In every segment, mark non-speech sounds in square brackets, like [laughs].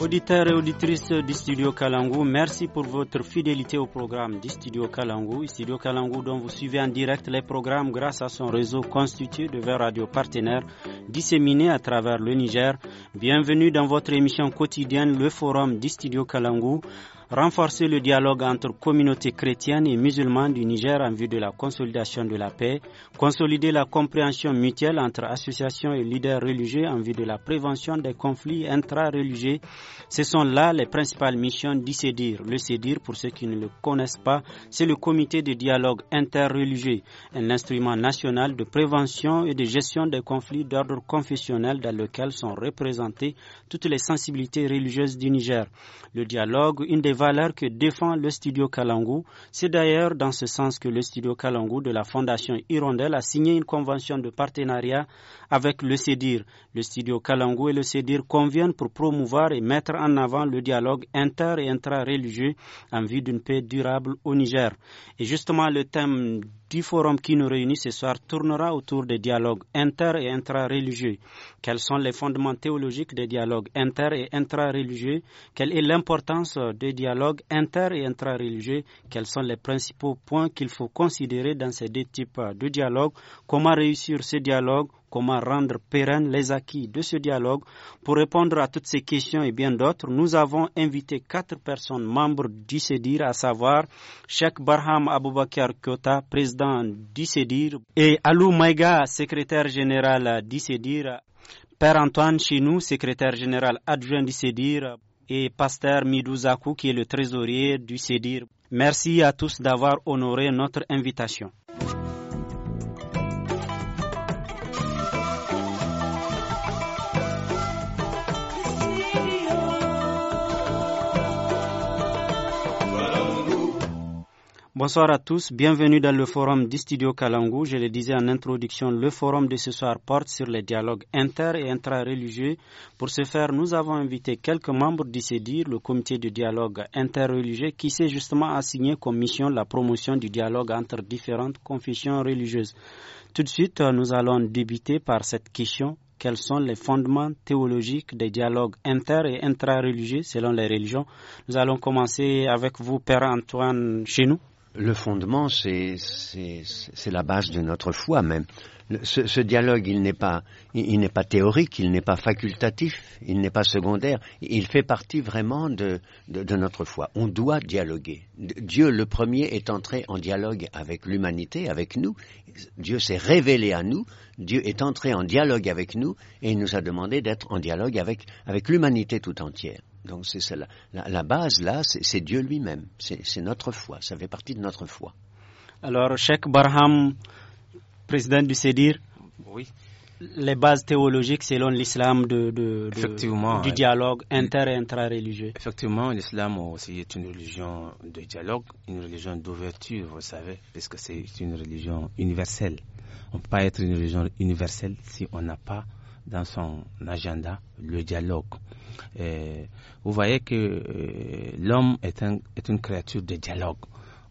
Auditeurs et auditrices du studio Kalangu, merci pour votre fidélité au programme du studio Kalangu. Studio Kalangu dont vous suivez en direct les programmes grâce à son réseau constitué de 20 radios partenaires disséminés à travers le Niger. Bienvenue dans votre émission quotidienne, le forum du studio Kalangu renforcer le dialogue entre communautés chrétiennes et musulmanes du Niger en vue de la consolidation de la paix, consolider la compréhension mutuelle entre associations et leaders religieux en vue de la prévention des conflits intra-religieux. Ce sont là les principales missions Dissédir, Le CEDIR, pour ceux qui ne le connaissent pas, c'est le comité de dialogue interreligieux, un instrument national de prévention et de gestion des conflits d'ordre confessionnel dans lequel sont représentées toutes les sensibilités religieuses du Niger. Le dialogue, une des valeurs que défend le studio Kalangu. C'est d'ailleurs dans ce sens que le studio Kalangu de la Fondation Hirondelle a signé une convention de partenariat avec le CEDIR. Le studio Kalangu et le CEDIR conviennent pour promouvoir et mettre en avant le dialogue inter- et intra-religieux en vue d'une paix durable au Niger. Et justement, le thème du forum qui nous réunit ce soir tournera autour des dialogues inter- et intra-religieux. Quels sont les fondements théologiques des dialogues inter- et intra-religieux Quelle est l'importance des dialogues inter- et intra-religieux, quels sont les principaux points qu'il faut considérer dans ces deux types de dialogue, comment réussir ce dialogue, comment rendre pérennes les acquis de ce dialogue. Pour répondre à toutes ces questions et bien d'autres, nous avons invité quatre personnes membres CEDIR, à savoir Sheikh Barham Aboubakar Kyota, président CEDIR, et Alou Maïga, secrétaire général CEDIR, Père Antoine Chinou, secrétaire général adjoint CEDIR, et Pasteur Midouzakou qui est le trésorier du CEDIR. Merci à tous d'avoir honoré notre invitation. Bonsoir à tous, bienvenue dans le forum du studio Je le disais en introduction, le forum de ce soir porte sur les dialogues inter et intra-religieux. Pour ce faire, nous avons invité quelques membres du CEDIR, le comité de dialogue interreligieux, qui s'est justement assigné comme mission la promotion du dialogue entre différentes confessions religieuses. Tout de suite, nous allons débuter par cette question quels sont les fondements théologiques des dialogues inter et intra-religieux selon les religions. Nous allons commencer avec vous, Père Antoine Chenou le fondement, c'est la base de notre foi même. ce, dialogue, il n'est pas, théorique, il n'est pas facultatif, il n'est pas secondaire. Il fait partie vraiment de, notre foi. On doit dialoguer. Dieu, le premier, est entré en dialogue avec l'humanité, avec nous. Dieu s'est révélé à nous. Dieu est entré en dialogue avec nous et il nous a demandé d'être en dialogue avec l'humanité tout entière. Donc c'est cela. La, base, là, c'est Dieu lui-même. C'est notre foi. Ça fait partie de notre foi. Alors, Sheikh Barham, président du CEDIR. Oui. Les bases théologiques selon l'islam de, du dialogue inter et intra-religieux. Effectivement, l'islam aussi est une religion de dialogue, une religion d'ouverture, vous savez, puisque c'est une religion universelle. On ne peut pas être une religion universelle si on n'a pas dans son agenda le dialogue. vous voyez que euh, l'homme est, un, est, une créature de dialogue,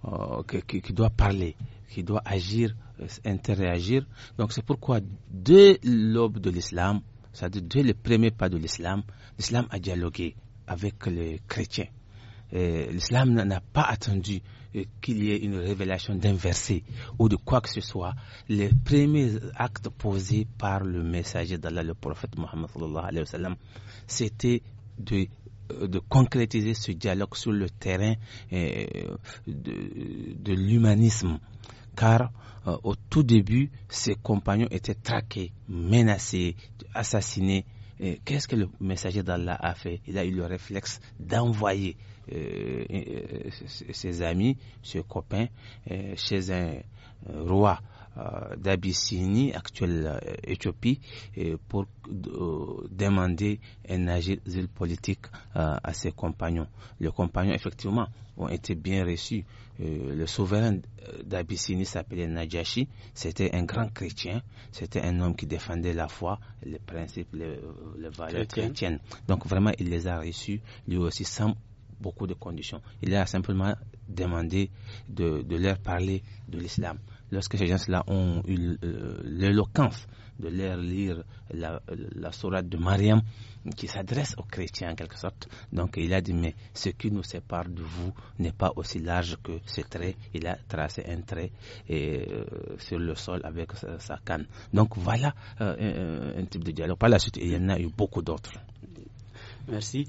euh, qui, doit parler, qui doit agir, euh, interagir. Donc c'est pourquoi dès l'aube de l'islam, c'est-à-dire dès le premier pas de l'islam, l'islam a dialogué avec les chrétiens. Euh, l'islam n'a pas attendu euh, qu'il y ait une révélation d'un verset ou de quoi que ce soit. Les premiers actes posés par le messager d'Allah, le prophète Mohammed, c'était euh, de concrétiser ce dialogue sur le terrain de, de l'humanisme. Car au tout début, ses compagnons étaient traqués, menacés, assassinés. Qu'est-ce que le messager d'Allah a fait Il a eu le réflexe d'envoyer euh, euh, ses amis, ses copains, euh, chez un roi d'Abyssinie, actuelle Éthiopie, pour demander un asile politique à ses compagnons. Les compagnons, effectivement, ont été bien reçus. le souverain d'Abyssinie s'appelait Najashi. C'était un grand chrétien. C'était un homme qui défendait la foi, les principes, les, valeurs chrétiennes. Donc vraiment, il les a reçus, lui aussi, sans beaucoup de conditions. Il a simplement demandé de, leur parler de l'islam. Lorsque ces gens-là ont eu euh, l'éloquence de leur lire la, la sourate de Mariam, qui s'adresse aux chrétiens en quelque sorte. Donc il a dit, mais ce qui nous sépare de vous n'est pas aussi large que ce trait. Il a tracé un trait euh, sur le sol avec sa, canne. Donc voilà euh, un, un, type de dialogue. Par la suite, il y en a eu beaucoup d'autres. Merci.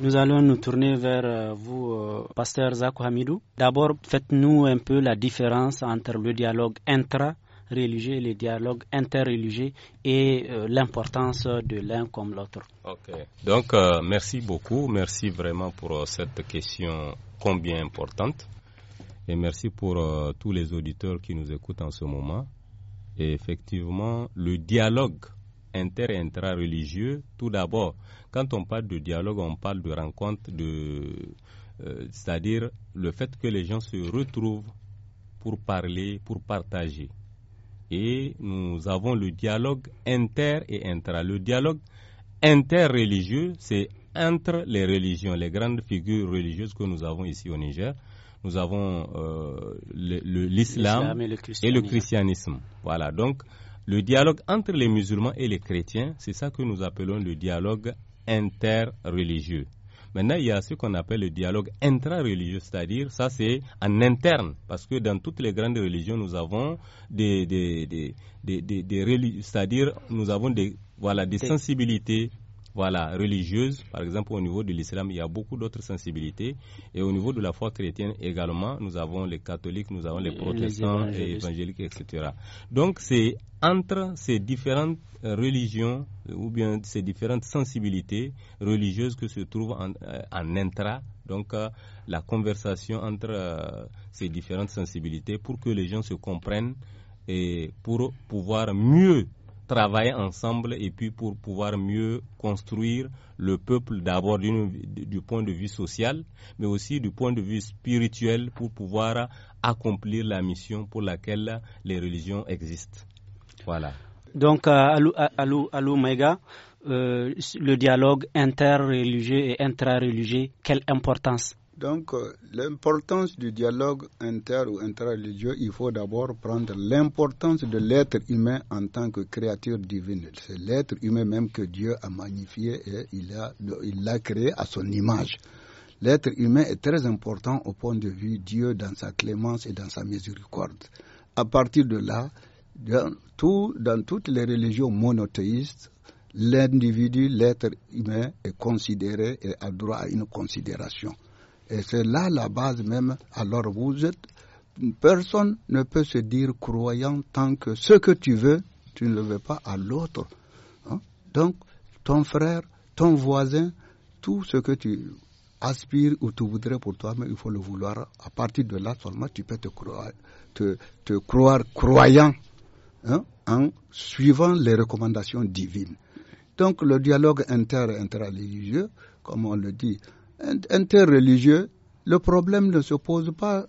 Nous allons nous tourner vers euh, vous, euh, pasteur Zakou Hamidou. D'abord, faites-nous un peu la différence entre le dialogue intra religieux et le dialogue interreligieux et euh, l'importance de l'un comme l'autre. Ok. Donc, merci beaucoup. Merci vraiment pour cette question combien importante. Et merci pour tous les auditeurs qui nous écoutent en ce moment. Et effectivement, le dialogue inter et intra-religieux, tout d'abord, quand on parle de dialogue, on parle de rencontre, de, euh, c'est-à-dire le fait que les gens se retrouvent pour parler, pour partager. Et nous avons le dialogue inter et intra. Le dialogue inter-religieux, c'est entre les religions, les grandes figures religieuses que nous avons ici au Niger. Nous avons euh, l'islam et, le christianisme. Voilà, donc le dialogue entre les musulmans et les chrétiens, c'est ça que nous appelons le dialogue interreligieux. Maintenant, il y a ce qu'on appelle le dialogue intrareligieux, cest c'est-à-dire ça c'est en interne, parce que dans toutes les grandes religions, nous avons des, des, des, des, c'est-à-dire nous avons des, voilà, des sensibilités voilà, religieuse, Par exemple, au niveau de l'islam, il y a beaucoup d'autres sensibilités. Et au niveau de la foi chrétienne également, nous avons les catholiques, nous avons les protestants, les évangéliques, etc. Donc, c'est entre ces différentes euh, religions euh, ou bien ces différentes sensibilités religieuses que se trouve en, euh, intra, donc la conversation entre ces différentes sensibilités pour que les gens se comprennent et pour pouvoir mieux travailler ensemble et puis pour pouvoir mieux construire le peuple d'abord du point de vue social, mais aussi du point de vue spirituel pour pouvoir accomplir la mission pour laquelle les religions existent. Voilà. Donc, euh, Alou, euh, l'Omega, mega euh, le dialogue interreligieux et intrareligieux, quelle importance donc, euh, l'importance du dialogue inter ou interreligieux, il faut d'abord prendre l'importance de l'être humain en tant que créature divine. C'est l'être humain même que Dieu a magnifié et il l'a créé à son image. L'être humain est très important au point de vue de Dieu dans sa clémence et dans sa miséricorde. À partir de là, dans toutes les religions monothéistes, l'individu, l'être humain est considéré et a droit à une considération. Et c'est là la base même. Alors vous êtes, personne ne peut se dire croyant tant que ce que tu veux, tu ne le veux pas à l'autre. Hein. Donc, ton frère, ton voisin, tout ce que tu aspires ou tu voudrais pour toi, mais il faut le vouloir. À partir de là seulement, tu peux te croire, te, te croire croyant hein, en suivant les recommandations divines. Donc, le dialogue inter-interreligieux, comme on le dit, interreligieux, le problème ne se pose pas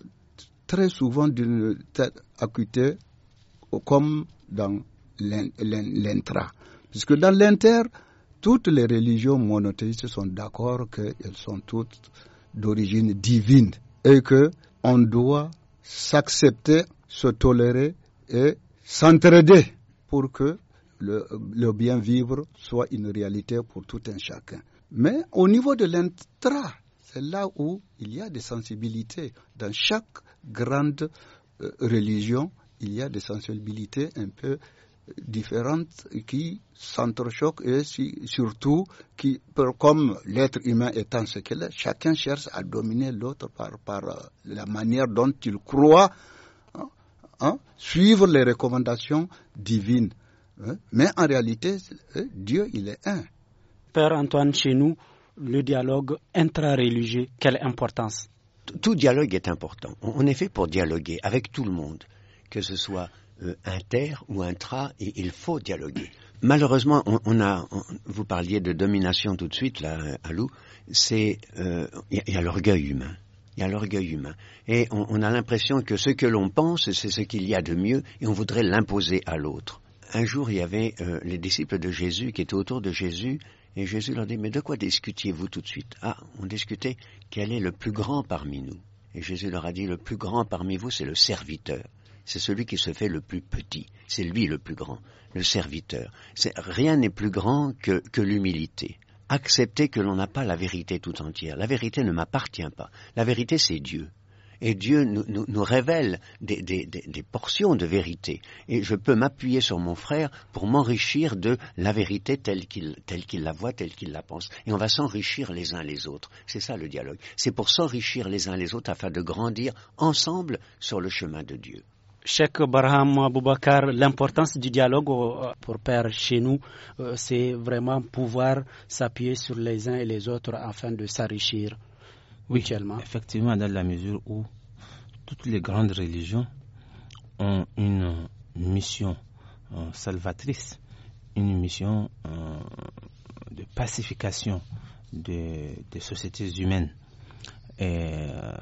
très souvent d'une tête acuité comme dans l'intra. Puisque dans l'inter, toutes les religions monothéistes sont d'accord qu'elles sont toutes d'origine divine et qu'on doit s'accepter, se tolérer et s'entraider pour que le bien vivre soit une réalité pour tout un chacun. Mais au niveau de l'intra, c'est là où il y a des sensibilités. Dans chaque grande euh, religion, il y a des sensibilités un peu euh, différentes qui s'entrechoquent et surtout qui, comme l'être humain étant ce qu'il est, chacun cherche à dominer l'autre par, euh, la manière dont il croit hein, hein, suivre les recommandations divines. Hein. Mais en réalité, Dieu, il est un. Père Antoine, chez nous, le dialogue intra-religieux, quelle importance Tout dialogue est important. On est fait pour dialoguer avec tout le monde, que ce soit inter euh, ou intra, et il faut dialoguer. Malheureusement, on, a, vous parliez de domination tout de suite, là, Alou, c'est, euh, il y, a, l'orgueil humain. Il y a l'orgueil humain. Et on, a l'impression que ce que l'on pense, c'est ce qu'il y a de mieux, et on voudrait l'imposer à l'autre. Un jour, il y avait euh, les disciples de Jésus qui étaient autour de Jésus, et Jésus leur dit, mais de quoi discutiez-vous tout de suite Ah, on discutait, quel est le plus grand parmi nous Et Jésus leur a dit, le plus grand parmi vous, c'est le serviteur. C'est celui qui se fait le plus petit. C'est lui le plus grand, le serviteur. Rien n'est plus grand que, l'humilité accepter que l'on n'a pas la vérité tout entière. La vérité ne m'appartient pas. La vérité, c'est Dieu. Et Dieu nous, révèle des, portions de vérité. Et je peux m'appuyer sur mon frère pour m'enrichir de la vérité telle qu'il, la voit, telle qu'il la pense. Et on va s'enrichir les uns les autres. C'est ça le dialogue. C'est pour s'enrichir les uns les autres afin de grandir ensemble sur le chemin de Dieu. Cheikh Barham Aboubakar, l'importance du dialogue euh, pour Père chez nous, euh, c'est vraiment pouvoir s'appuyer sur les uns et les autres afin de s'enrichir oui, Effectivement, dans la mesure où toutes les grandes religions ont une mission euh, salvatrice, une mission euh, de pacification des, sociétés humaines. Et euh,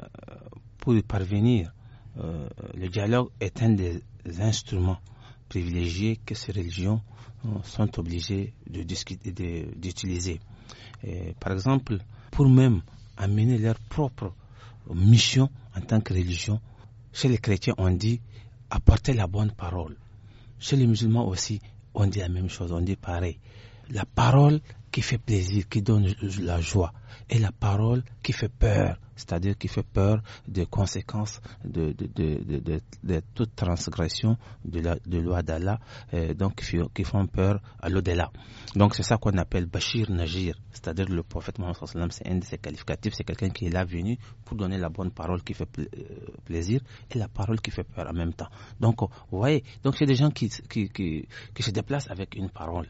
pour y parvenir, le dialogue est un des instruments privilégiés que ces religions sont obligées d'utiliser. par exemple, pour même à mener leur propre mission en tant que religion. Chez les chrétiens, on dit apporter la bonne parole. Chez les musulmans aussi, on dit la même chose, on dit pareil. La parole qui fait plaisir, qui donne la joie, et la parole qui fait peur, c'est-à-dire qui fait peur des conséquences de, toute transgression de la loi d'Allah, euh, donc qui font peur à l'au-delà. Donc c'est ça qu'on appelle Bashir Najir, c'est-à-dire le prophète Mohammed c'est un de ses qualificatifs, c'est quelqu'un qui est là venu pour donner la bonne parole qui fait euh, plaisir et la parole qui fait peur en même temps. Donc euh, vous voyez, donc c'est des gens qui, qui, se déplacent avec une parole.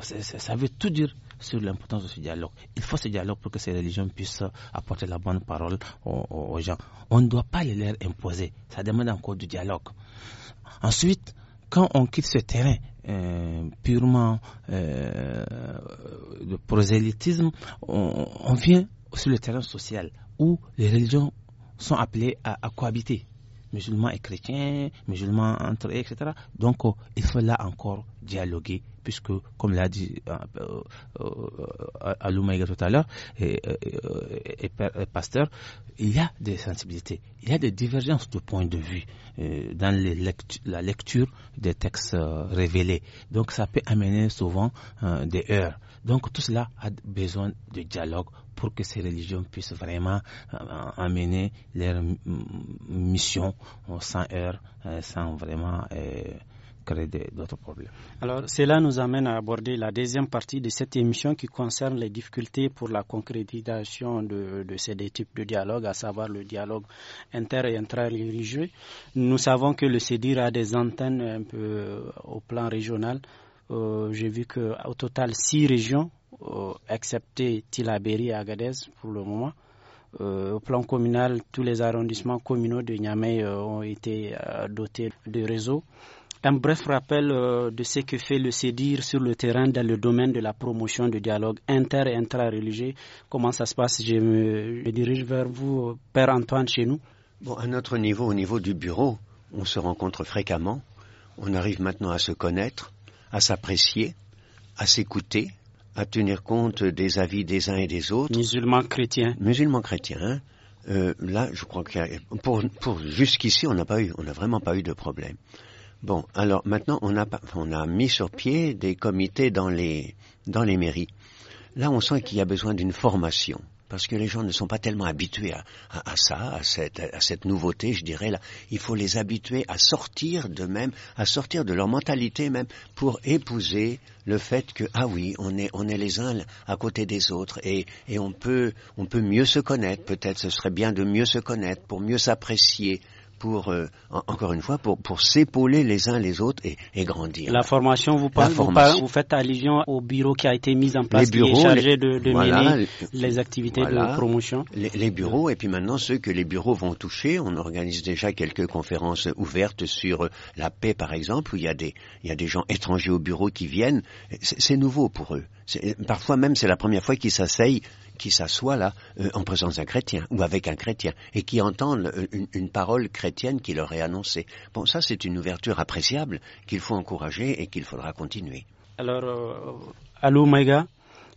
ça veut tout dire sur l'importance de ce dialogue. Il faut ce dialogue pour que ces religions puissent apporter la bonne parole aux, gens. On ne doit pas les leur imposer. Ça demande encore du dialogue. Ensuite, quand on quitte ce terrain euh, purement euh, de prosélytisme, on, vient sur le terrain social où les religions sont appelées à, cohabiter musulmans et chrétiens, musulmans entre eux, etc. Donc, euh, il faut là encore dialoguer puisque, comme l'a dit euh, euh, euh tout à l'heure, euh, et, Pasteur, il y a des sensibilités, il y a des divergences de points de vue dans la lecture des textes révélés. Donc, ça peut amener souvent des heures. Donc, tout cela a besoin de dialogue pour que ces religions puissent vraiment amener leur mission sans heures, sans vraiment créer d'autres problèmes. cela nous amène à aborder la deuxième partie de cette émission qui concerne les difficultés pour la concrétisation de, ces deux types de dialogue, à savoir le dialogue inter- et intra-religieux. Nous savons que le CEDIR a des antennes un peu euh, au plan régional. Euh, j'ai vu qu'au total, six régions, euh, excepté Tilaberi et Agadez pour le moment, au plan communal, tous les arrondissements communaux de Niamey ont été dotés de réseaux un bref rappel euh, de ce que fait le CEDIR sur le terrain dans le domaine de la promotion du dialogue inter et intra-religieux. Comment ça se passe je me, dirige vers vous, euh, Père Antoine, chez nous. Bon, à notre niveau, au niveau du bureau, on se rencontre fréquemment. On arrive maintenant à se connaître, à s'apprécier, à s'écouter, à tenir compte des avis des uns et des autres. Musulmans chrétiens. Musulmans chrétiens. Hein. Euh, là, je crois que pour, pour jusqu'ici, on n'a pas eu, on n'a vraiment pas eu de problème. Bon, alors maintenant, on a, mis sur pied des comités dans les, mairies. Là, on sent qu'il y a besoin d'une formation parce que les gens ne sont pas tellement habitués à, ça, à cette, nouveauté, je dirais. Là. Il faut les habituer à sortir de même, à sortir de leur mentalité même, pour épouser le fait que, ah oui, on est, les uns à côté des autres et, on, peut, on peut mieux se connaître. Peut-être ce serait bien de mieux se connaître pour mieux s'apprécier, pour, euh, encore une fois, pour, pour s'épauler les uns les autres et, grandir. La formation, vous, parlez, Vous, faites allusion au bureau qui a été mis en place, les bureaux, qui est chargé de, de mener les activités de promotion. Les, bureaux, et puis maintenant ceux que les bureaux vont toucher, on organise déjà quelques conférences ouvertes sur euh, la paix, par exemple, où il y a des, il y a des gens étrangers au bureau qui viennent. C'est nouveau pour eux. Parfois même, c'est la première fois qu'ils s'asseyent qui s'assoit là euh, en présence d'un chrétien ou avec un chrétien et qui entendent euh, une, parole chrétienne qui leur est annoncée. Bon, ça c'est une ouverture appréciable qu'il faut encourager et qu'il faudra continuer. Alors, euh, allô Maïga,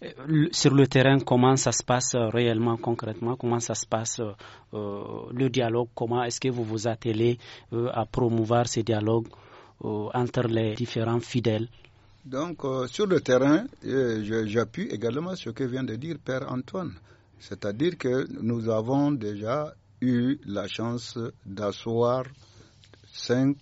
euh, sur le terrain, comment ça se passe réellement, concrètement Comment ça se passe le dialogue Comment est-ce que vous vous attelez à promouvoir ces dialogues entre les différents fidèles donc, euh, sur le terrain, euh, j'appuie également ce que vient de dire Père Antoine. C'est-à-dire que nous avons déjà eu la chance d'asseoir cinq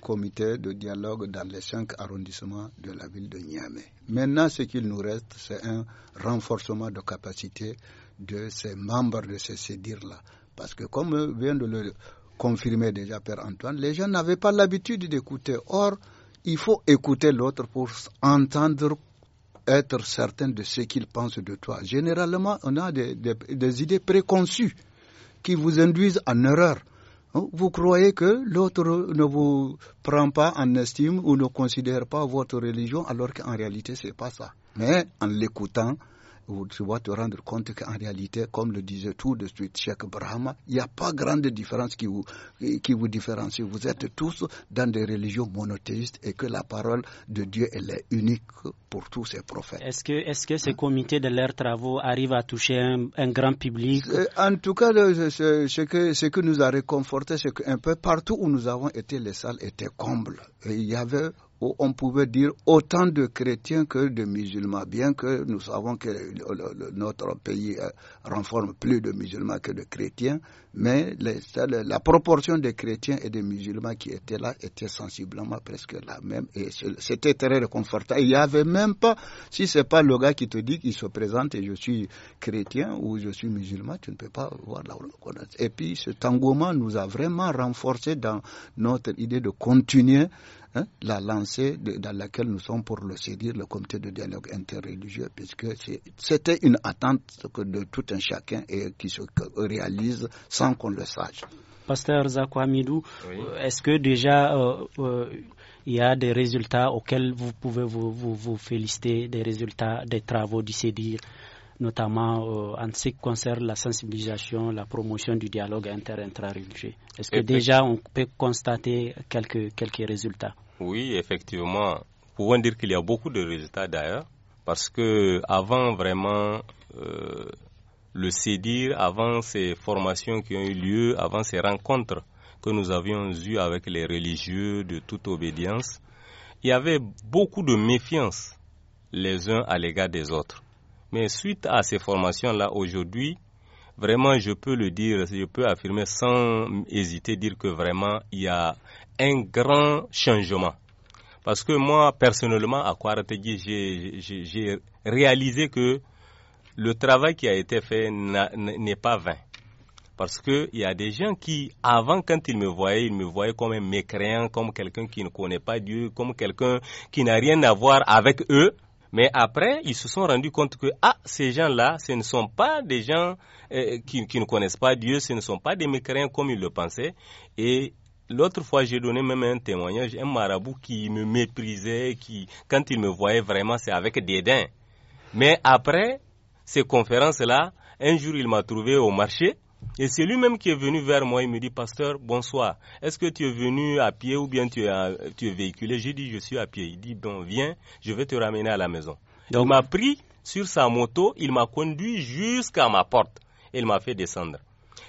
comités de dialogue dans les cinq arrondissements de la ville de Niamey. Maintenant, ce qu'il nous reste, c'est un renforcement de capacité de ces membres de ces CEDIR-là. Parce que, comme vient de le confirmer déjà Père Antoine, les gens n'avaient pas l'habitude d'écouter. Or, il faut écouter l'autre pour entendre être certain de ce qu'il pense de toi. Généralement, on a des, des idées préconçues qui vous induisent en erreur. Hein, vous croyez que l'autre ne vous prend pas en estime ou ne considère pas votre religion alors qu'en réalité, ce n'est pas ça. Mais en l'écoutant, tu dois te rendre compte qu'en réalité, comme le disait tout de suite Cheikh Brahma, il n'y a pas grande différence qui vous, qui vous différencie. Vous êtes tous dans des religions monothéistes et que la parole de Dieu, elle est unique pour tous ces prophètes. Est-ce que, est -ce que ces comités de leurs travaux arrivent à toucher un, grand public euh, En tout cas, ce que, ce que nous a réconforté, c'est qu'un peu partout où nous avons été, les salles étaient combles. il y avait où on pouvait dire autant de chrétiens que de musulmans, bien que nous savons que notre pays euh, renforme plus de musulmans que de chrétiens, mais la proportion des chrétiens et des musulmans qui étaient là était sensiblement presque la même et c'était très réconfortant. Il n'y avait même pas, si c'est pas le gars qui te dit qu'il se présente et je suis chrétien ou je suis musulman, tu ne peux pas voir la reconnaissance. Et puis ce engouement nous a vraiment renforcé dans notre idée de continuer Hein, la lancée dans laquelle nous sommes pour le CDIR, le comité de dialogue interreligieux, puisque c'était une attente de tout un chacun et qui se réalise sans qu'on le sache. Pasteur Zakwamidou, euh, est-ce que déjà euh, euh, il y a des résultats auxquels vous pouvez vous, féliciter, des résultats des travaux du CEDIR notamment euh, en ce qui concerne la sensibilisation, la promotion du dialogue inter-intra-religieux. Est-ce que déjà on peut constater quelques, quelques résultats Oui, effectivement. Pouvons dire qu'il y a beaucoup de résultats d'ailleurs, parce que avant vraiment euh, le CEDIR, avant ces formations qui ont eu lieu, avant ces rencontres que nous avions eues avec les religieux de toute obédience, il y avait beaucoup de méfiance les uns à l'égard des autres. Mais suite à ces formations-là, aujourd'hui, vraiment, je peux le dire, je peux affirmer sans hésiter, dire que vraiment, il y a un grand changement. Parce que moi, personnellement, à Kouarategui, j'ai réalisé que le travail qui a été fait n'est pas vain. Parce qu'il y a des gens qui, avant, quand ils me voyaient, ils me voyaient comme un mécréant, comme quelqu'un qui ne connaît pas Dieu, comme quelqu'un qui n'a rien à voir avec eux. Mais après, ils se sont rendus compte que, ah, ces gens-là, ce ne sont pas des gens euh, qui, ne connaissent pas Dieu, ce ne sont pas des mécréants comme ils le pensaient. Et l'autre fois, j'ai donné même un témoignage, un marabout qui me méprisait, qui, quand il me voyait vraiment, c'est avec dédain. Mais après ces conférences-là, un jour, il m'a trouvé au marché. Et c'est lui-même qui est venu vers moi, il me dit, pasteur, bonsoir, est-ce que tu es venu à pied ou bien tu es, tu véhiculé J'ai dit, je suis à pied. Il dit, viens, je vais te ramener à la maison. Donc, il m'a pris sur sa moto, il m'a conduit jusqu'à ma porte et il m'a fait descendre.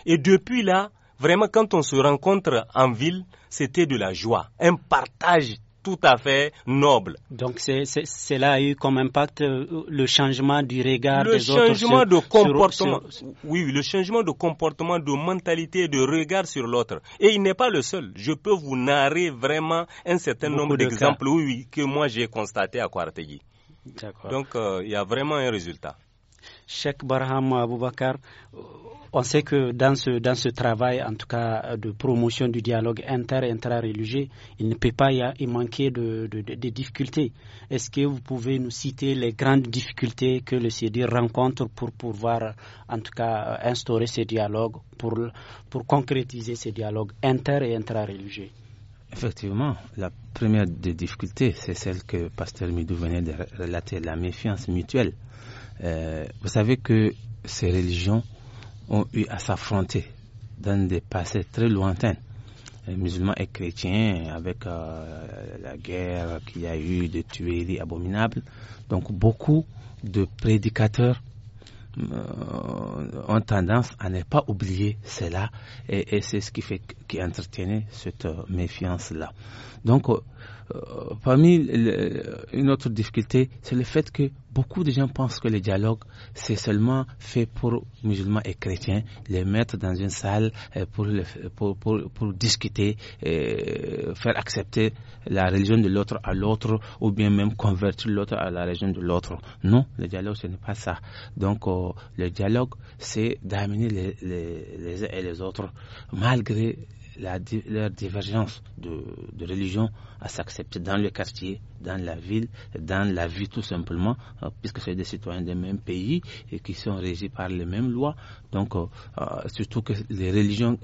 Et depuis là, vraiment, quand on se rencontre en ville, c'était de la joie, un partage tout à fait noble. Donc cela a eu comme impact euh, le changement du regard le des autres. Le changement de comportement. Sur... Oui, le changement de comportement, de mentalité, de regard sur l'autre. Et il n'est pas le seul. Je peux vous narrer vraiment un certain nombre d'exemples oui, que moi j'ai constaté à Kouartegui. Donc euh, il y a vraiment un résultat. Cheikh Barham Aboubakar, on sait que dans ce, travail, en tout cas de promotion du dialogue inter interreligieux, il ne peut pas y, manquer de, difficultés. Est-ce que vous pouvez nous citer les grandes difficultés que le CD rencontre pour pouvoir, en tout cas, instaurer ce dialogue, pour, concrétiser ces dialogues inter et intra-religieux Effectivement, la première des difficultés, c'est celle que Pasteur Midou venait de relater, la méfiance mutuelle euh, vous savez que ces religions ont eu à s'affronter dans des passés très lointains. Les musulmans et chrétiens, avec euh, la guerre qu'il y a eu de tueries abominables. Donc beaucoup de prédicateurs euh, ont tendance à ne pas oublier cela et, et c'est ce qui fait qui entretenait cette méfiance là. Donc euh, parmi une autre difficulté, c'est le fait que beaucoup de gens pensent que le dialogue, c'est seulement fait pour musulmans et chrétiens, les mettre dans une salle euh, pour, pour, discuter, et euh, faire accepter la religion de l'autre à l'autre, ou bien même convertir l'autre à la religion de l'autre. Non, le dialogue, ce n'est pas ça. Donc, le dialogue, c'est d'amener les, les uns et les autres, malgré leur divergence de, religion à s'accepter dans le quartier, dans la ville, dans la vie tout simplement, euh, puisque c'est des citoyens des mêmes pays et qui sont régis par les mêmes lois. Donc, euh, euh, surtout que les religions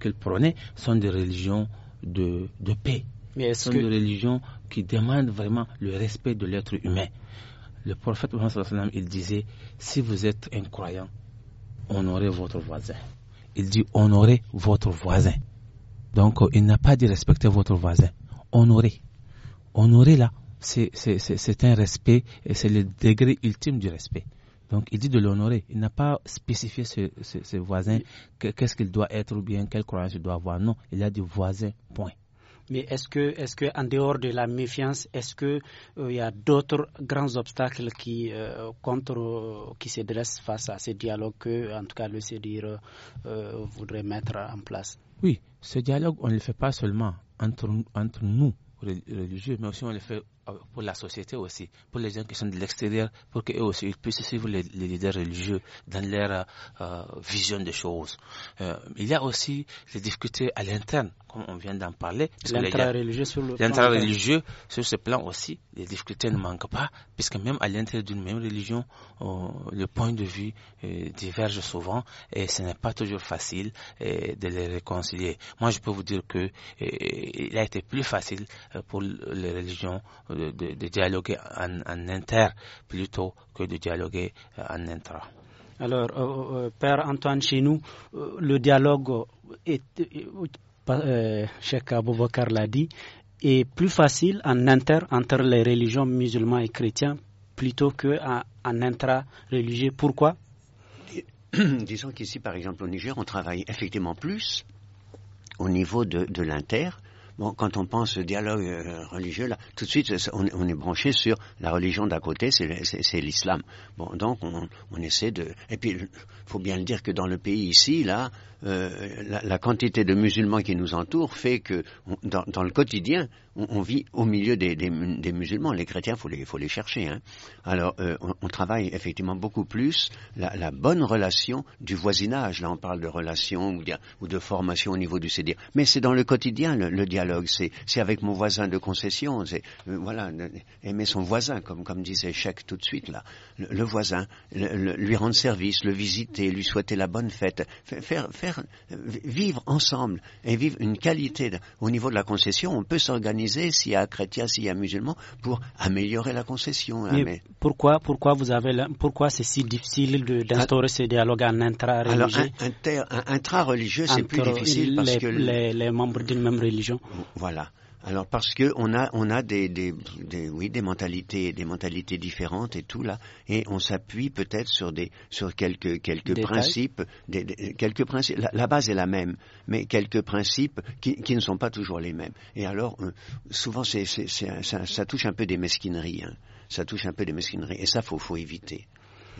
qu'elles prenaient sont des religions de, paix. Mais sont des religions qui demandent vraiment le respect de l'être humain. Le prophète Mohammed il disait, si vous êtes un croyant, honorez votre voisin il dit honorer votre voisin. Donc, euh, il n'a pas dit respecter votre voisin. Honorer, Honorer là, c'est un respect et c'est le degré ultime du respect. Donc, il dit de l'honorer. Il n'a pas spécifié ce, ce, voisin, qu'est-ce qu'il doit être ou bien quelle croyance il doit avoir. Non, il a dit voisin, point. Mais est-ce que, est que, en dehors de la méfiance, est-ce que euh, il y a d'autres grands obstacles qui euh, contre, euh, qui se dressent face à ce dialogue que, en tout cas, le CEDIR voudrait mettre en place Oui, ce dialogue, on ne le fait pas seulement entre, entre nous religieux, mais aussi on le fait euh, pour la société aussi, pour les gens qui sont de l'extérieur, pour qu'ils aussi ils puissent suivre les, leaders religieux dans leur euh, vision des choses. Euh, il y a aussi les difficultés à l'interne, comme on vient d'en parler. L'intra-religieux sur sur ce plan aussi, les difficultés ne manquent pas, puisque même à l'intérieur d'une même religion, le point de vue diverge souvent et ce n'est pas toujours facile de les réconcilier. Moi, je peux vous dire que il a été plus facile pour les religions de, dialoguer en, inter plutôt que de dialoguer euh, en intra. Alors, euh, euh, Père Antoine, chez nous, le dialogue est, Cheikh Aboubakar l'a dit, est plus facile en inter entre les religions musulmanes et chrétiens plutôt qu'en intra-religieux. Pourquoi [coughs] Disons qu'ici, par exemple, au Niger, on travaille effectivement plus au niveau de, de l'inter bon, quand on pense au dialogue euh, religieux, là, tout de suite, on, est branché sur la religion d'à côté, c'est l'islam. Bon, donc, on, essaie de. Et puis, il faut bien le dire que dans le pays ici, là, euh, la, quantité de musulmans qui nous entourent fait que, dans, le quotidien, on, vit au milieu des, des, des, musulmans. Les chrétiens, faut les, faut les chercher. Hein. Alors, euh, on, travaille effectivement beaucoup plus la, bonne relation du voisinage. Là, on parle de relation ou de, formation au niveau du CDR. Mais c'est dans le quotidien le, dialogue. C'est, avec mon voisin de concession. C'est, euh, voilà, aimer son voisin, comme, comme disait Chèque tout de suite là. Le, voisin, lui rendre service, le visiter, lui souhaiter la bonne fête, faire, euh, vivre ensemble et vivre une qualité. au niveau de la concession, on peut s'organiser s'il y a un chrétien, s'il y a un musulman, pour améliorer la concession. Hein, mais Pourquoi, pourquoi, vous avez, pourquoi c'est si difficile d'instaurer ce dialogue en intra-religieux intra-religieux, c'est plus difficile parce que... les membres d'une même religion. Voilà. Alors parce que on a on a des, des, oui des mentalités des mentalités différentes et tout là et on s'appuie peut-être sur des sur quelques quelques principes des, quelques principes la, base est la même mais quelques principes qui, qui ne sont pas toujours les mêmes et alors euh, souvent c'est, ça, ça, touche un peu des mesquineries hein. ça touche un peu des mesquineries et ça faut faut éviter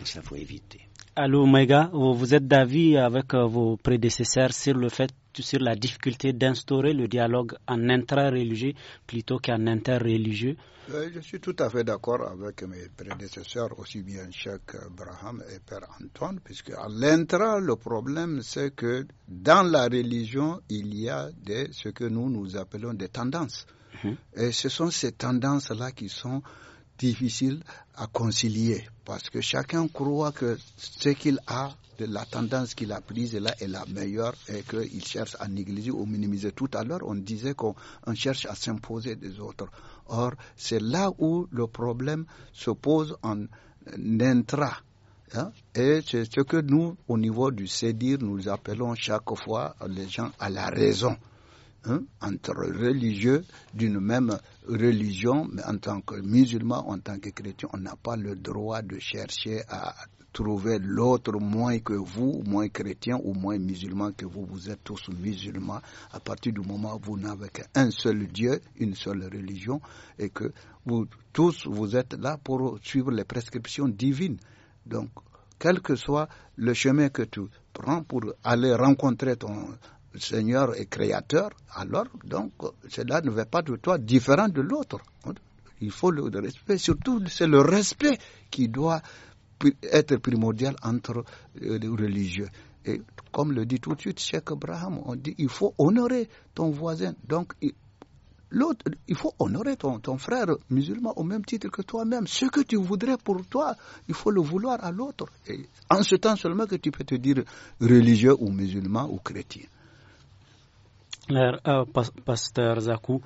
ça faut éviter. Allô Mega, vous êtes d'avis avec euh, vos prédécesseurs sur le fait sur la difficulté d'instaurer le dialogue en intra plutôt qu'en inter-religieux euh, Je suis tout à fait d'accord avec mes prédécesseurs, aussi bien Cheikh Abraham et Père Antoine, puisque à l'intra, le problème, c'est que dans la religion, il y a des, ce que nous, nous appelons des tendances. Hum. Et ce sont ces tendances-là qui sont difficiles à concilier parce que chacun croit que ce qu'il a de la tendance qu'il a prise là est la meilleure et qu'il cherche à négliger ou minimiser. Tout à l'heure, on disait qu'on cherche à s'imposer des autres. Or, c'est là où le problème se pose en intra. Hein. Et c'est ce que nous, au niveau du CEDIR, nous appelons chaque fois les gens à la raison. Hein, entre religieux d'une même religion, mais en tant que musulman, en tant que chrétien, on n'a pas le droit de chercher à trouver l'autre moins que vous, moins chrétien ou moins musulman que vous. Vous êtes tous musulmans à partir du moment où vous n'avez qu'un seul Dieu, une seule religion, et que vous tous, vous êtes là pour suivre les prescriptions divines. Donc, quel que soit le chemin que tu prends pour aller rencontrer ton Seigneur et Créateur, alors, donc, cela ne veut pas de toi différent de l'autre. Il faut le respect, surtout c'est le respect qui doit être primordial entre euh, les religieux. Et comme le dit tout de suite Sheikh Abraham, on dit il faut honorer ton voisin. Donc, il faut honorer ton, frère musulman au même titre que toi-même. Ce que tu voudrais pour toi, il faut le vouloir à l'autre. Et en ce temps seulement que tu peux te dire religieux ou musulman ou chrétien. Euh, euh, pasteur Zakou,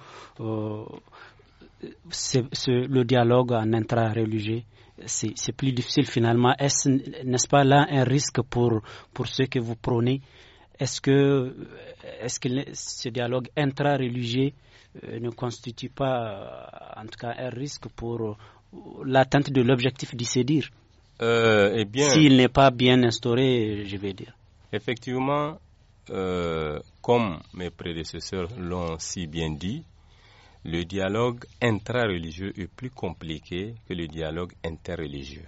c'est le dialogue en intra-religieux c'est plus difficile finalement. n'est-ce pas là un risque pour, pour ceux que vous prônez Est-ce que, est-ce que ce dialogue intra-religieux euh, ne constitue pas euh, en tout cas un risque pour euh, l'atteinte de l'objectif d'y séduire euh, eh S'il n'est pas bien instauré, je vais dire. Effectivement, comme mes prédécesseurs l'ont si bien dit, le dialogue intra-religieux est plus compliqué que le dialogue interreligieux.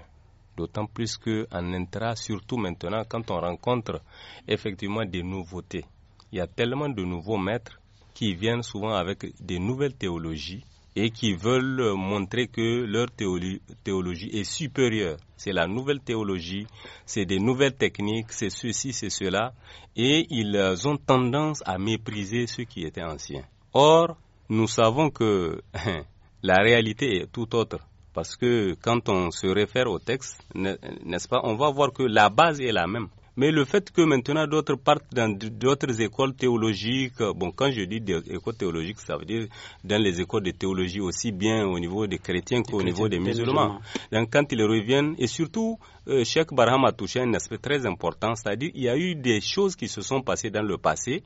D'autant plus qu'en intra, surtout maintenant, quand on rencontre effectivement des nouveautés, il y a tellement de nouveaux maîtres qui viennent souvent avec des nouvelles théologies et qui veulent montrer que leur théologie est supérieure. C'est la nouvelle théologie, c'est des nouvelles techniques, c'est ceci, c'est cela, et ils ont tendance à mépriser ce qui était ancien. Or, nous savons que [laughs] la réalité est tout autre. Parce que quand on se réfère au texte, n'est-ce pas, on va voir que la base est la même. Mais le fait que maintenant d'autres partent dans d'autres écoles théologiques, bon, quand je dis des écoles théologiques, ça veut dire dans les écoles de théologie aussi bien au niveau des chrétiens qu'au niveau des, musulmans. Donc quand ils reviennent, et surtout, Sheikh Cheikh Barham a touché un aspect très important, c'est-à-dire il y a eu des choses qui se sont passées dans le passé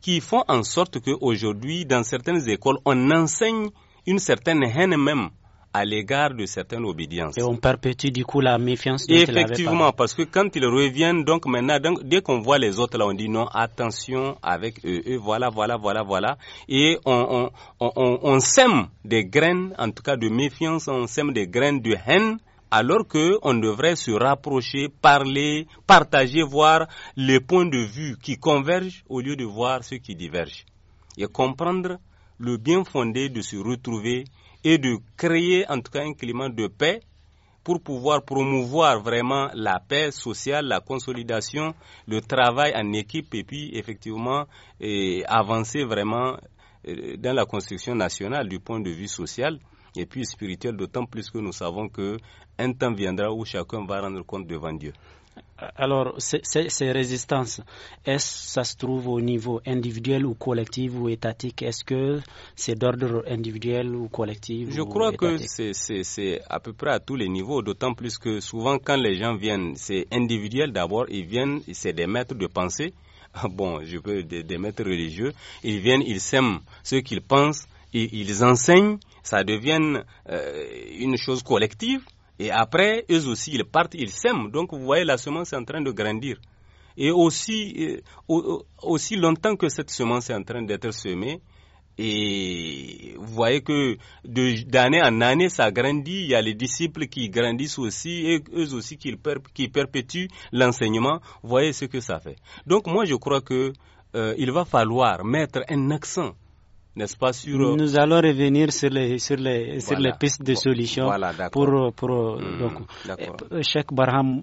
qui font en sorte qu'aujourd'hui, dans certaines écoles, on enseigne une certaine haine même à l'égard de certaines obédiences. Et on perpétue du coup la méfiance. Effectivement, parce que quand ils reviennent, donc maintenant, dès qu'on voit les autres, là, on dit non, attention avec eux, voilà, voilà, voilà, voilà. Et on, sème des graines, en tout cas de méfiance, on sème des graines de haine alors qu'on devrait se rapprocher, parler, partager, voir les points de vue qui convergent au lieu de voir ceux qui divergent. Et comprendre le bien fondé de se retrouver et de créer en tout cas un climat de paix pour pouvoir promouvoir vraiment la paix sociale, la consolidation, le travail en équipe et puis effectivement avancer vraiment euh, dans la construction nationale du point de vue social et puis spirituel, d'autant plus que nous savons que un temps viendra où chacun va rendre compte devant Dieu. Alors, ces résistances, est-ce ça se trouve au niveau individuel ou collectif ou étatique Est-ce que c'est d'ordre individuel ou collectif Je crois que c'est à peu près à tous les niveaux, d'autant plus que souvent quand les gens viennent, c'est individuel d'abord, ils viennent, c'est des maîtres de pensée, [laughs] bon, je peux des, des maîtres religieux, ils viennent, ils s'aiment, ce qu'ils pensent ils enseignent, ça devient euh, une chose collective. Et après, eux aussi, ils partent, ils sèment. Donc, vous voyez, la semence est en train de grandir. Et aussi, euh, aussi longtemps que cette semence est en train d'être semée, et vous voyez que d'année en année, ça grandit. Il y a les disciples qui grandissent aussi et eux aussi qui, qui perpétuent l'enseignement. Vous voyez ce que ça fait. Donc moi, je crois que euh, il va falloir mettre un accent euh, Nous allons revenir sur les, sur les, sur les pistes de solutions pour... pour mmh, donc, euh, Barham,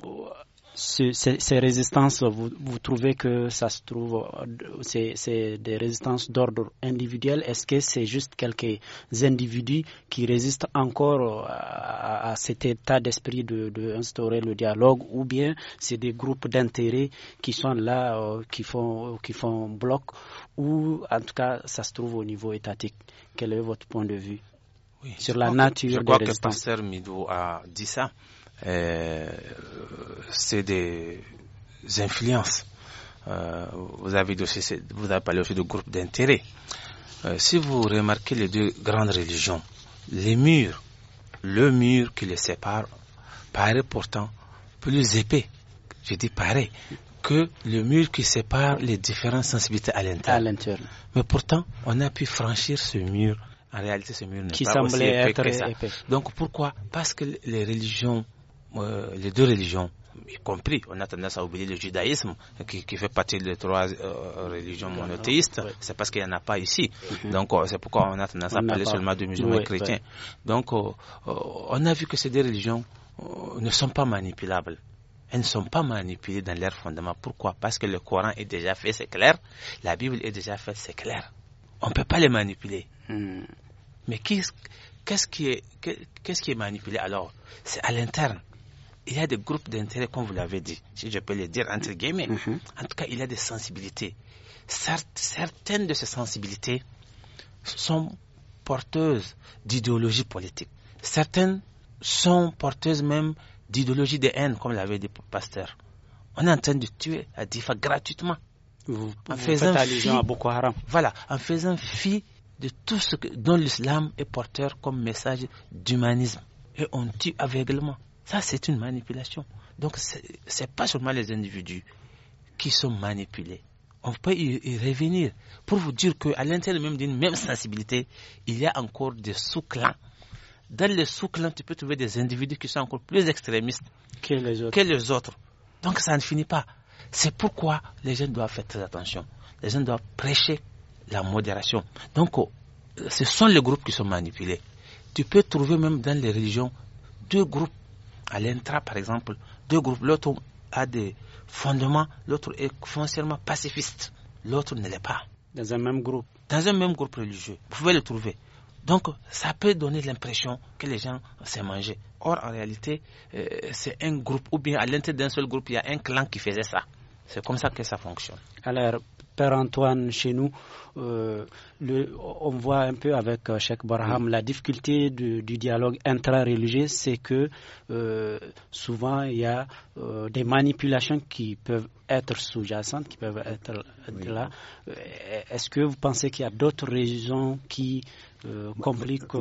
ces, résistances, vous, trouvez que ça se trouve, c'est des résistances d'ordre individuel. Est-ce que c'est juste quelques individus qui résistent encore à, cet état d'esprit d'instaurer de, instaurer le dialogue, ou bien c'est des groupes d'intérêt qui sont là, euh, qui font, qui font bloc, ou en tout cas, ça se trouve au niveau étatique. Quel est votre point de vue sur la nature de je que Midou a dit ça. Euh, c'est des influences. Euh, vous, avez aussi, vous avez parlé aussi de groupes d'intérêt. Euh, si vous remarquez les deux grandes religions, les murs, le mur qui les sépare, paraît pourtant plus épais, je dis paraît que le mur qui sépare les différentes sensibilités à l'intérieur. Mais pourtant, on a pu franchir ce mur. En réalité, ce mur n'est pas aussi Épais. Donc pourquoi Parce que les religions euh, les deux religions, y compris, on a tendance à oublier le judaïsme qui, fait partie des trois euh, religions monothéistes, c'est parce qu'il n'y en a pas ici. Mhm. Donc euh, c'est pourquoi on a tendance à parler seulement de musulmans et chrétiens. Donc on a vu que ces deux religions ne sont pas manipulables elles ne sont pas manipulées dans leurs fondements. Pourquoi Parce que le Coran est déjà fait, c'est clair. La Bible est déjà faite, c'est clair. On ne peut pas les manipuler. Hmm. Mais qu'est-ce qui, qui, est manipulé alors C'est à l'interne il y a des groupes d'intérêt, comme vous l'avez dit, si je peux le dire entre guillemets. Mhm. En tout cas, il y a des sensibilités. Certaines de ces sensibilités sont porteuses d'idéologie politique. Certaines sont porteuses même d'idéologie de haine, comme l'avait dit Pasteur. On est en train de tuer à Difa gratuitement. Vous, en faisant faites allusion à Boko Haram. Voilà, en faisant fi de tout ce que, dont l'islam est porteur comme message d'humanisme. Et on tue aveuglement. Ça, c'est une manipulation. Donc, ce n'est pas seulement les individus qui sont manipulés. On peut y, revenir pour vous dire qu'à l'intérieur même d'une même sensibilité, il y a encore des sous-clans. Dans les sous-clans, tu peux trouver des individus qui sont encore plus extrémistes que les autres. Que les autres. Donc, ça ne finit pas. C'est pourquoi les jeunes doivent faire très attention. Les jeunes doivent prêcher la modération. Donc, oh, ce sont les groupes qui sont manipulés. Tu peux trouver même dans les religions deux groupes à l'Intra, par exemple, deux groupes, l'autre a des fondements, l'autre est foncièrement pacifiste, l'autre ne l'est pas. Dans un même groupe Dans un même groupe religieux. Vous pouvez le trouver. Donc, ça peut donner l'impression que les gens s'est mangé. Or, en réalité, euh, c'est un groupe, ou bien à l'intérieur d'un seul groupe, il y a un clan qui faisait ça. C'est comme ça que ça fonctionne. Alors, Père Antoine, chez nous, euh, on voit un peu avec euh, Cheikh Barham mm. la difficulté du, dialogue intra-religieux, c'est que euh, souvent il y a des manipulations qui peuvent être sous-jacentes, qui peuvent être, là. Est-ce que vous pensez qu'il y a d'autres raisons qui compliquent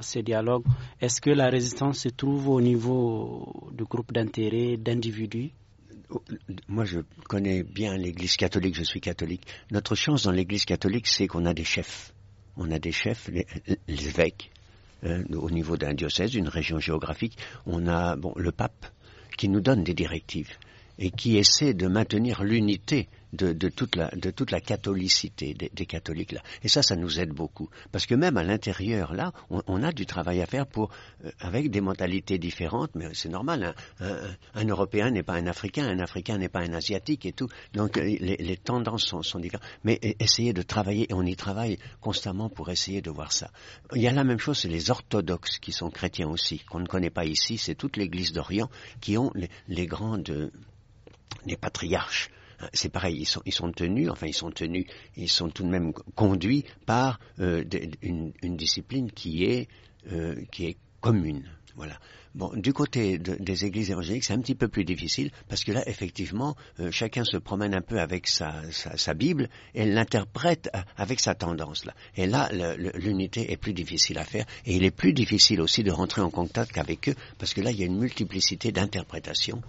ces dialogues Est-ce que la résistance se trouve au niveau du groupe d'intérêt, d'individus Oh, moi je connais bien l'Église catholique, je suis catholique. Notre chance dans l'Église catholique, c'est qu'on a des chefs. On a des chefs, les, évêques, euh, au niveau d'un diocèse, d'une région géographique. On a bon, le pape qui nous donne des directives et qui essaie de maintenir l'unité de, toute, la, catholicité des, catholiques là. Et ça, ça nous aide beaucoup. Parce que même à l'intérieur là, on, a du travail à faire pour, euh, avec des mentalités différentes, mais c'est normal. Hein. Un, Européen n'est pas un Africain, un Africain n'est pas un Asiatique et tout. Donc euh, les, tendances sont, différentes. Mais euh, essayez de travailler, et on y travaille constamment pour essayer de voir ça. Il y a la même chose, c'est les orthodoxes qui sont chrétiens aussi, qu'on ne connaît pas ici, c'est toute l'Église d'Orient qui ont les, les grandes les patriarches c'est pareil, ils sont, tenus, enfin ils sont tenus, ils sont tout de même conduits par euh, une, discipline qui est, euh, qui est commune. Voilà. Bon, du côté des églises évangéliques, c'est un petit peu plus difficile parce que là, effectivement, euh, chacun se promène un peu avec sa, Bible et l'interprète avec sa tendance. Là. Et là, l'unité est plus difficile à faire et il est plus difficile aussi de rentrer en contact qu'avec eux parce que là, il y a une multiplicité d'interprétations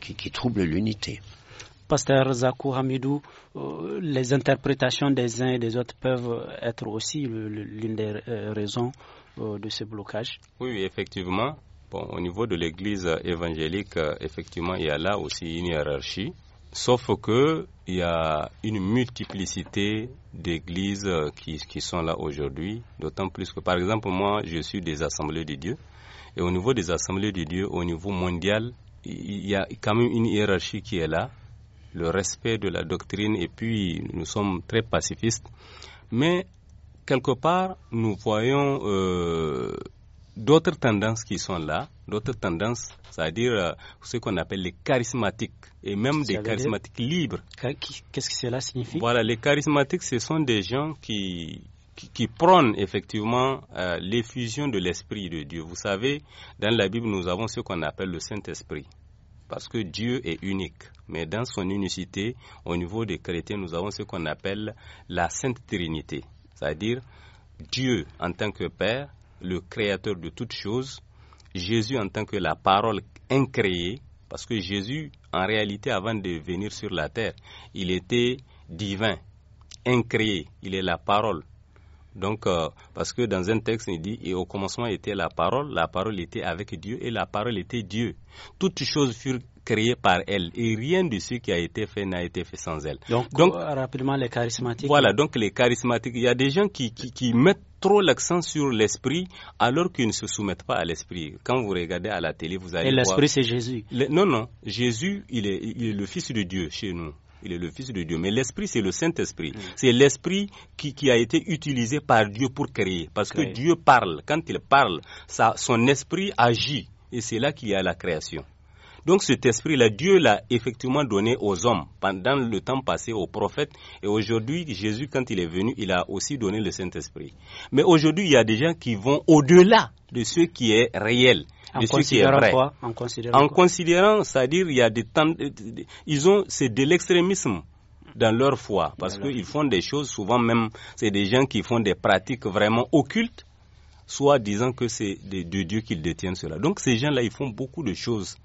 qui, qui trouble l'unité. Pasteur Zakou Hamidou, euh, les interprétations des uns et des autres peuvent être aussi l'une des euh, raisons euh, de ce blocage. Oui, effectivement. Bon, au niveau de l'Église évangélique, effectivement, il y a là aussi une hiérarchie. Sauf que il y a une multiplicité d'églises qui, qui, sont là aujourd'hui, d'autant plus que, par exemple, moi, je suis des assemblées de Dieu. Et au niveau des assemblées de Dieu, au niveau mondial, il y a quand même une hiérarchie qui est là le respect de la doctrine et puis nous sommes très pacifistes. Mais quelque part, nous voyons euh, d'autres tendances qui sont là, d'autres tendances, c'est-à-dire euh, ce qu'on appelle les charismatiques et même des charismatiques libres. Qu'est-ce que cela signifie Voilà, les charismatiques, ce sont des gens qui qui, prônent effectivement euh, l'effusion de l'Esprit de Dieu. Vous savez, dans la Bible, nous avons ce qu'on appelle le Saint-Esprit parce que Dieu est unique. Mais dans son unicité, au niveau des chrétiens, nous avons ce qu'on appelle la Sainte Trinité, c'est-à-dire Dieu en tant que Père, le Créateur de toutes choses, Jésus en tant que la parole incréée, parce que Jésus, en réalité, avant de venir sur la terre, il était divin, incréé, il est la parole donc, euh, parce que dans un texte, il dit, et au commencement était la parole, la parole était avec Dieu, et la parole était Dieu. Toutes choses furent créées par elle, et rien de ce qui a été fait n'a été fait sans elle. Donc, rapidement, les charismatiques. Voilà, euh, donc les charismatiques, il y a des gens qui, qui, mettent trop l'accent sur l'esprit alors qu'ils ne se soumettent pas à l'esprit. Quand vous regardez à la télé, vous allez... Et l'esprit, c'est Jésus. non, non, Jésus, il est, il est le Fils de Dieu chez nous. Il est le Fils de Dieu. Mais l'Esprit, c'est le Saint-Esprit. Mm. C'est l'Esprit qui, a été utilisé par Dieu pour créer. Parce que Dieu parle. Quand il parle, son esprit agit. Et c'est là qu'il y a la création. Donc cet esprit-là, Dieu l'a effectivement donné aux hommes pendant le temps passé aux prophètes. Et aujourd'hui, Jésus, quand il est venu, il a aussi donné le Saint-Esprit. Mais aujourd'hui, il y a des gens qui vont au-delà de ce qui est réel en ce qui est en considérant, c'est-à-dire il y a des temps, euh, ils ont c'est de l'extrémisme dans leur foi parce qu'ils font des choses souvent même c'est des gens qui font des pratiques vraiment occultes, soit disant que c'est de, de Dieu qu'ils détiennent cela. Donc ces gens-là ils font beaucoup de choses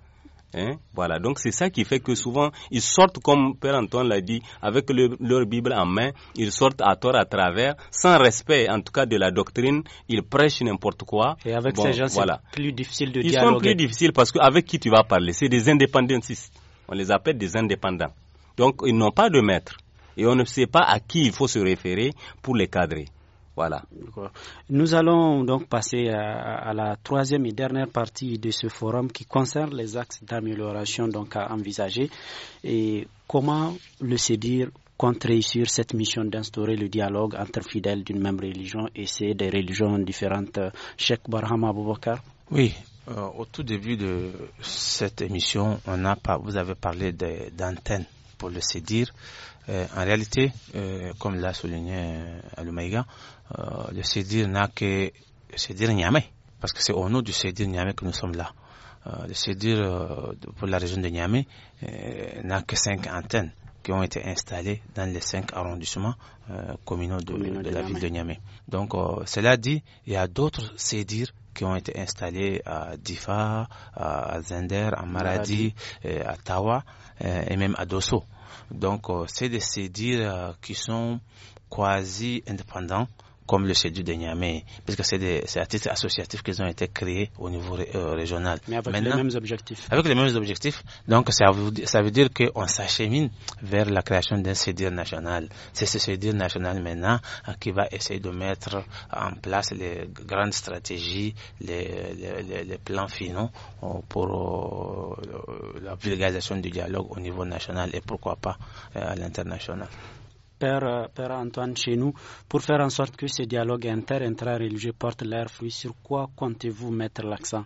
Hein? Voilà, donc c'est ça qui fait que souvent ils sortent, comme Père Antoine l'a dit, avec leur Bible en main, ils sortent à tort, à travers, sans respect en tout cas de la doctrine, ils prêchent n'importe quoi. Et avec ces gens, c'est plus difficile de ils dialoguer. Ils sont plus difficiles parce qu'avec qui tu vas parler C'est des indépendantistes. On les appelle des indépendants. Donc ils n'ont pas de maître et on ne sait pas à qui il faut se référer pour les cadrer. Voilà. Nous allons donc passer à, la troisième et dernière partie de ce forum qui concerne les axes d'amélioration donc à envisager et comment le CEDIR compte réussir cette mission d'instaurer le dialogue entre fidèles d'une même religion et c'est des religions différentes. Cheikh Barham Aboubakar. Oui, euh, au tout début de cette émission, on a, vous avez parlé d'antenne pour le CEDIR. Euh, en réalité, euh, comme l'a souligné euh, Alumaïga, le Sédir n'a que Sédir Niamey, parce que c'est au nom du Sédir Niamey que nous sommes là. le CEDIR pour la région de Niamey n'a que cinq antennes qui ont été installées dans les cinq arrondissements communaux de, la ville de Niamey. Donc, cela dit, il y a d'autres CEDIR qui ont été installés à Difa, à Zender, à Maradi, à Tawa et même à Dosso. Donc, euh, c'est des se euh, qui sont quasi indépendants comme le CEDU de Niamey, puisque c'est des à titre associatif qu'ils ont été créés au niveau euh, régional. Mais avec les mêmes objectifs. Avec les mêmes objectifs. Donc, ça veut, dire qu'on s'achemine vers la création d'un CEDIR national. C'est ce CEDIR national maintenant euh, qui va essayer de mettre en place les grandes stratégies, les, les plans finaux euh, pour la vulgarisation du dialogue au niveau national et pourquoi pas à l'international. Euh, père, Antoine chez nous pour faire en sorte que ce dialogue inter intra-religieux porte l'air fruits Sur quoi comptez-vous mettre l'accent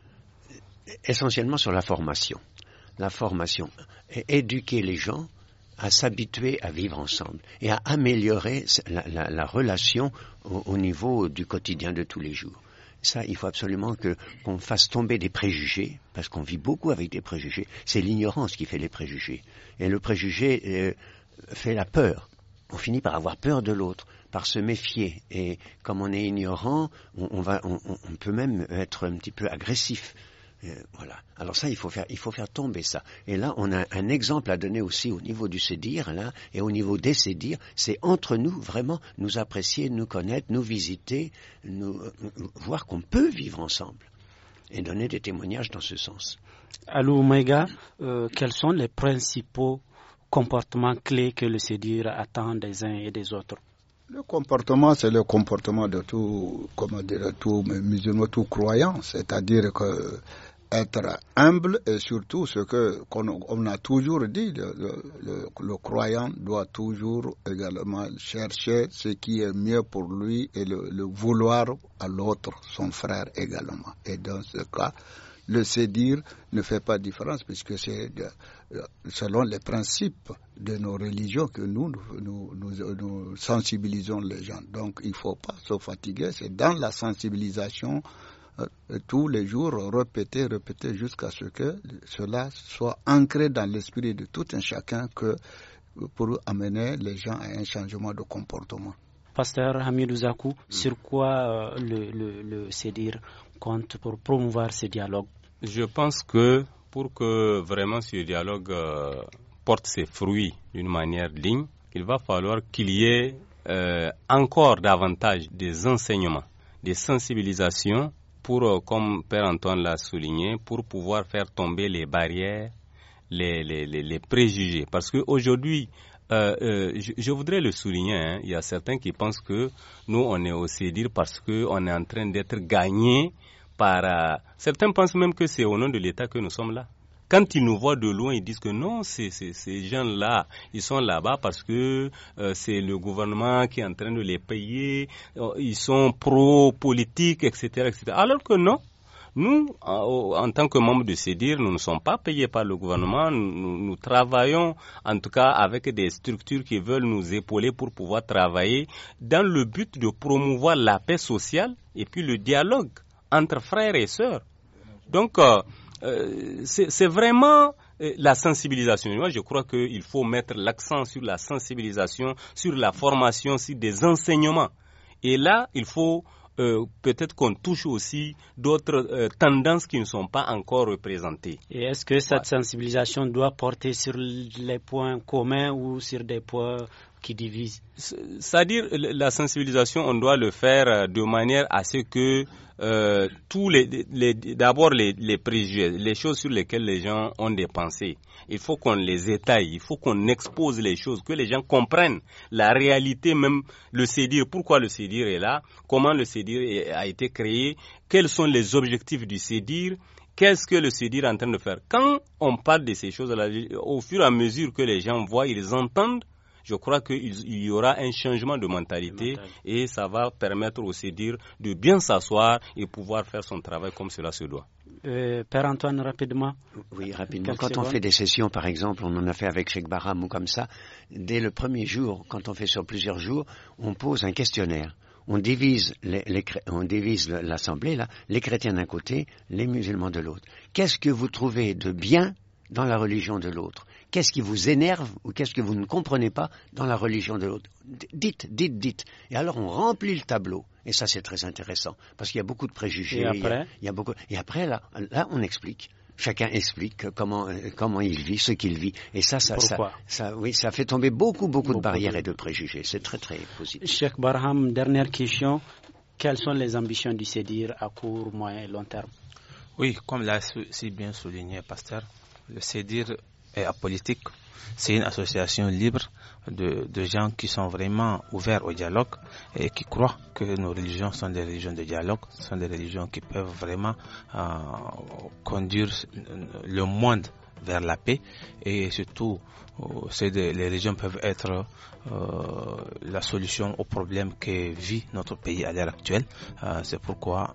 Essentiellement sur la formation. La formation. éduquer les gens à s'habituer à vivre ensemble et à améliorer la, relation au, niveau du quotidien de tous les jours. Ça, il faut absolument qu'on fasse tomber des préjugés, parce qu'on vit beaucoup avec des préjugés. C'est l'ignorance qui fait les préjugés. Et le préjugé euh, fait la peur on finit par avoir peur de l'autre, par se méfier. Et comme on est ignorant, on, va, on, peut même être un petit peu agressif. Euh, voilà. Alors ça, il faut faire, il faut faire tomber ça. Et là, on a un exemple à donner aussi au niveau du sédir, là, et au niveau des sédirs. C'est entre nous vraiment nous apprécier, nous connaître, nous visiter, nous euh, voir qu'on peut vivre ensemble et donner des témoignages dans ce sens. Allô Omega, euh, quels sont les principaux comportement clé que le séduire attend des uns et des autres le comportement, c'est le comportement de tout, comment dire, tout musulman, tout croyant. C'est-à-dire que être humble et surtout ce que qu'on on a toujours dit, le, croyant doit toujours également chercher ce qui est mieux pour lui et le vouloir à l'autre, son frère également. Et dans ce cas, le sédir ne fait pas différence puisque c'est euh, selon les principes de nos religions que nous nous, sensibilisons les gens. Donc il ne faut pas se fatiguer, c'est dans la sensibilisation euh, tous les jours, répéter, répéter jusqu'à ce que cela soit ancré dans l'esprit de tout un chacun que, pour amener les gens à un changement de comportement. Pasteur Hamidou Ouzakou, mm. sur quoi euh, le, le, compte pour promouvoir ce dialogue je pense que pour que vraiment ce dialogue euh, porte ses fruits d'une manière digne, il va falloir qu'il y ait euh, encore davantage des enseignements, des sensibilisations pour, euh, comme Père Antoine l'a souligné, pour pouvoir faire tomber les barrières, les, préjugés. Parce qu'aujourd'hui, je, voudrais le souligner. Hein, il y a certains qui pensent que nous, on est aussi dire parce qu'on est en train d'être gagné par... Euh, certains pensent même que c'est au nom de l'État que nous sommes là. Quand ils nous voient de loin, ils disent que non, ces gens-là, ils sont là-bas parce que euh, c'est le gouvernement qui est en train de les payer, euh, ils sont pro-politique, etc., Alors que non, nous, en tant que membres de CEDIR, nous ne sommes pas payés par le gouvernement. nous, travaillons, en tout cas, avec des structures qui veulent nous épauler pour pouvoir travailler dans le but de promouvoir la paix sociale et puis le dialogue entre frères et sœurs. Donc, euh, euh, c'est vraiment euh, la sensibilisation. Moi, je crois qu'il faut mettre l'accent sur la sensibilisation, sur la formation, sur des enseignements. Et là, il faut peut-être qu'on touche aussi d'autres tendances qui ne sont pas encore représentées. Et est-ce que cette sensibilisation doit porter sur les points communs ou sur des points divise C'est-à-dire la sensibilisation, on doit le faire euh, de manière à ce que euh, tous les, d'abord les, préjugés, les choses sur lesquelles les gens ont des pensées, il faut qu'on les étaye, il faut qu'on expose les choses, que les gens comprennent la réalité même, le CEDIR, pourquoi le CEDIR est là, comment le CEDIR a été créé, quels sont les objectifs du CEDIR, qu'est-ce que le CEDIR est en train de faire Quand on parle de ces choses-là, au fur et à mesure que les gens voient, ils entendent, je crois qu'il y aura un changement de mentalité, et ça va permettre aussi CEDIR de bien s'asseoir et pouvoir faire son travail comme cela se doit. Euh, Père Antoine, rapidement. Oui, rapidement. Quand on fait des sessions, par exemple, on en a fait avec Sheikh Baram ou comme ça, dès le premier jour, quand on fait sur plusieurs jours, on pose un questionnaire on divise, on divise l'assemblée là, les chrétiens d'un côté, les musulmans de l'autre. Qu'est-ce que vous trouvez de bien dans la religion de l'autre qu'est-ce qui vous énerve ou qu'est-ce que vous ne comprenez pas dans la religion de l'autre. Dites, dites, dites. Et alors on remplit le tableau. Et ça, c'est très intéressant, parce qu'il y a beaucoup de préjugés. Et après, il y beaucoup... et après là, là, on explique chacun explique comment, euh, comment il vit, ce qu'il vit. Et ça ça, ça, oui, ça fait tomber beaucoup, beaucoup, de barrières et de préjugés. C'est très, très positif. Cheikh Barham, dernière question. Quelles sont les ambitions du CEDIR à court, moyen et long terme Oui, comme l'a si bien souligné Pasteur, le CEDIR à politique. C'est une association libre de, gens qui sont vraiment ouverts au dialogue et qui croient que nos religions sont des religions de dialogue, sont des religions qui peuvent vraiment euh, conduire le monde vers la paix et surtout euh, les régions peuvent être euh, la solution au problème que vit notre pays à l'heure actuelle. Euh, c'est pourquoi,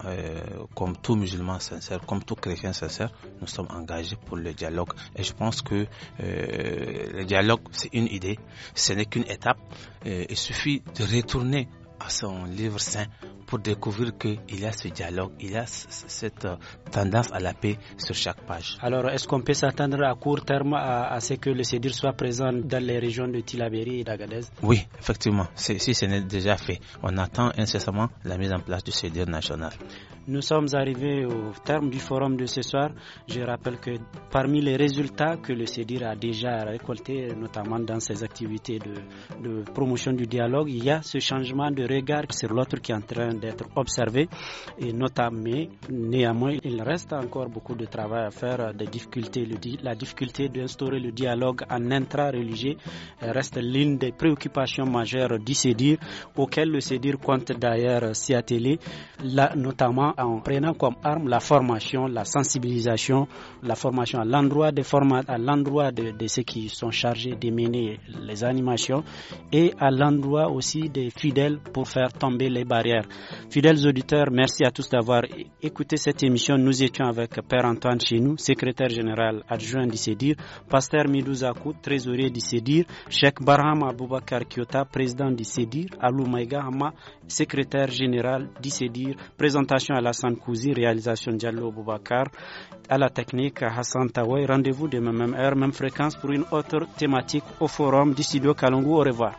comme tout musulman sincère, comme tout chrétien sincère, nous sommes engagés pour le dialogue. Et je pense que le dialogue, c'est une idée, ce n'est qu'une étape. il suffit de retourner à son livre saint pour découvrir qu'il y a ce dialogue, il y a cette euh, tendance à la paix sur chaque page. Alors, est-ce qu'on peut s'attendre à court terme à, ce que le CEDIR soit présent dans les régions de Tilaberi et d'Agadez Oui, effectivement, si ce n'est déjà fait. On attend incessamment la mise en place du CEDIR national. Nous sommes arrivés au terme du forum de ce soir. Je rappelle que parmi les résultats que le CEDIR a déjà récoltés, notamment dans ses activités de, de promotion du dialogue, il y a ce changement de regard sur l'autre qui est en train d'être observé et notamment, néanmoins, il reste encore beaucoup de travail à faire, des difficultés. La difficulté d'instaurer le dialogue en intra-religieux reste l'une des préoccupations majeures du CEDIR, auquel le CEDIR compte d'ailleurs s'y atteler, notamment en prenant comme arme la formation, la sensibilisation, la formation à l'endroit des formats, à l'endroit de ceux qui sont chargés de mener les animations et à l'endroit aussi des fidèles pour faire tomber les barrières. Fidèles auditeurs, merci à tous d'avoir écouté cette émission. Nous étions avec Père Antoine nous, secrétaire général adjoint du SEDIR, Pasteur Zakou, trésorier du SEDIR, Cheikh Barham Aboubakar Kyota, président SEDIR, Alou Maïga Hama, secrétaire général du d'ICEDIR, présentation à la Sankouzi, réalisation Diallo Aboubakar, à la technique Hassan Tawai. Rendez-vous demain même heure, même fréquence pour une autre thématique au forum du studio Kalongo. Au revoir.